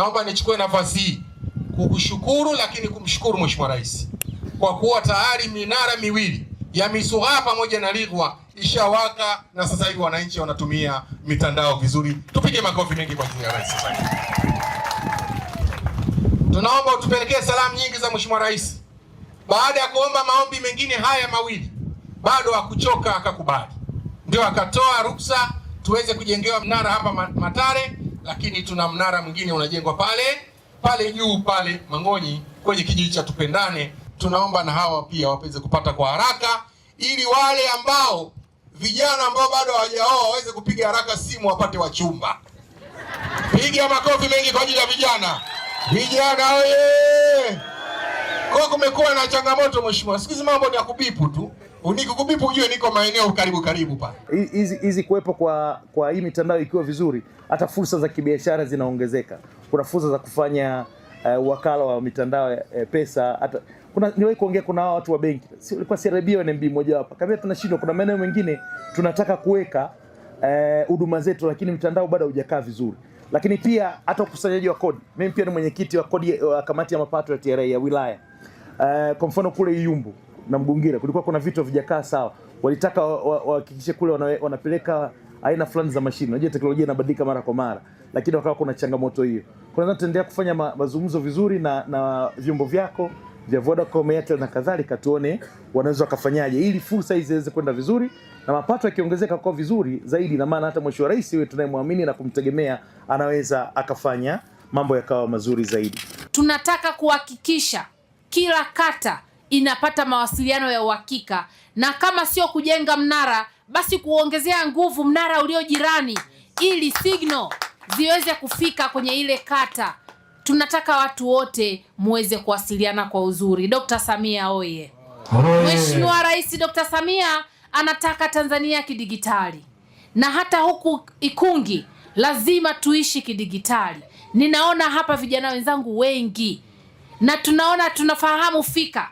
naomba nichukue nafasi hii kukushukuru, lakini kumshukuru Mheshimiwa Rais kwa kuwa tayari minara miwili ya Misuhaa pamoja na Ligwa ishawaka na sasa hivi wananchi wanatumia mitandao vizuri. Tupige makofi mengi kwa ajili ya rais. Tunaomba utupelekee salamu nyingi za Mheshimiwa Rais. Baada ya kuomba maombi mengine haya mawili, bado hakuchoka akakubali, ndio akatoa ruksa tuweze kujengewa mnara hapa Matare lakini tuna mnara mwingine unajengwa pale pale juu pale Mangonyi kwenye kijiji cha Tupendane. Tunaomba na hawa pia waweze kupata kwa haraka, ili wale ambao vijana ambao bado hawajaoa waweze kupiga haraka simu wapate wachumba. Piga makofi mengi kwa ajili ya vijana. Vijana oye! Kwa kumekuwa na changamoto mheshimiwa, siku hizi mambo ni ya kubipu tu Nikikupipa ujue niko maeneo karibu karibu pale. Hizi hizi kuwepo kwa kwa hii mitandao ikiwa vizuri, hata fursa za kibiashara zinaongezeka. Kuna fursa za kufanya uh, wakala wa mitandao uh, pesa hata kuna niwahi kuongea, kuna hawa watu wa benki, si ulikuwa CRB au NMB mmoja wapo, kama tunashindwa, kuna maeneo mengine tunataka kuweka eh, huduma uh, zetu, lakini mtandao bado haujakaa vizuri. Lakini pia hata ukusanyaji wa kodi, mimi pia ni mwenyekiti wa kodi wa kamati ya mapato ya TRA ya wilaya uh, kwa mfano kule Iyumbu na Mgungira kulikuwa kuna vitu havijakaa sawa, walitaka wahakikishe wa, wa kule wana, wanapeleka aina fulani za mashine. Unajua teknolojia inabadilika mara kwa mara, lakini wakawa kuna changamoto hiyo. Kwa hiyo tuendelea kufanya ma, mazungumzo vizuri na, na vyombo vyako vya Vodacom, Airtel na kadhalika, tuone wanaweza wakafanyaje ili fursa hizi ziweze kwenda vizuri na mapato yakiongezeka kwa vizuri zaidi, na maana hata mheshimiwa rais wetu tunayemwamini na kumtegemea anaweza akafanya mambo yakawa mazuri zaidi. Tunataka kuhakikisha kila kata inapata mawasiliano ya uhakika, na kama sio kujenga mnara, basi kuongezea nguvu mnara ulio jirani, ili signal ziweze kufika kwenye ile kata. Tunataka watu wote muweze kuwasiliana kwa uzuri. Dr. Samia oye! Mheshimiwa Rais Dr. Samia anataka Tanzania ya kidigitali, na hata huku Ikungi lazima tuishi kidigitali. Ninaona hapa vijana wenzangu wengi na tunaona tunafahamu fika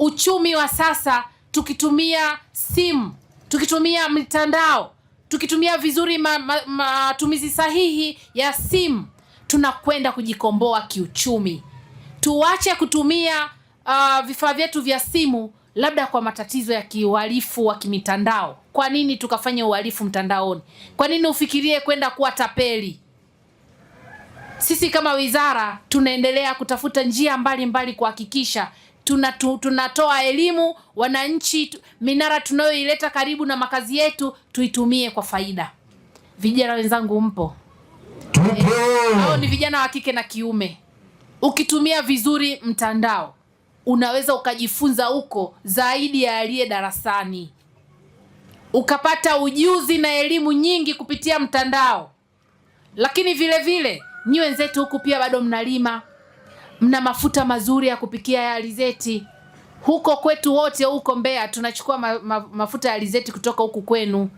uchumi wa sasa, tukitumia simu, tukitumia mitandao, tukitumia vizuri matumizi ma, ma, sahihi ya simu, tunakwenda kujikomboa kiuchumi. Tuache kutumia uh, vifaa vyetu vya simu labda kwa matatizo ya kiuhalifu wa kimitandao. Kwa nini tukafanya uhalifu mtandaoni? Kwa nini ufikirie kwenda kuwa tapeli? Sisi kama wizara tunaendelea kutafuta njia mbalimbali kuhakikisha tunatu, tunatoa elimu wananchi, minara tunayoileta karibu na makazi yetu tuitumie kwa faida. Vijana wenzangu, mpo eh, hao? Ni vijana wa kike na kiume. Ukitumia vizuri mtandao unaweza ukajifunza huko zaidi ya aliye darasani, ukapata ujuzi na elimu nyingi kupitia mtandao. Lakini vile vile nyi wenzetu huku pia bado mnalima mna mafuta mazuri ya kupikia ya alizeti huko kwetu, wote huko Mbeya tunachukua ma, ma, mafuta ya alizeti kutoka huku kwenu.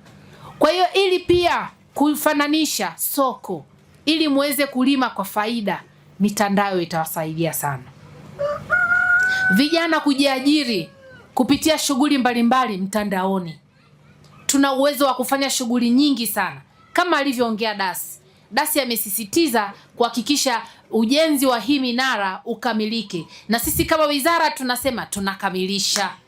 Kwa hiyo ili pia kufananisha soko ili muweze kulima kwa faida, mitandao itawasaidia sana vijana kujiajiri kupitia shughuli mbalimbali mtandaoni. Tuna uwezo wa kufanya shughuli nyingi sana kama alivyoongea Dasi Dasi amesisitiza kuhakikisha ujenzi wa hii minara ukamilike, na sisi kama wizara tunasema tunakamilisha.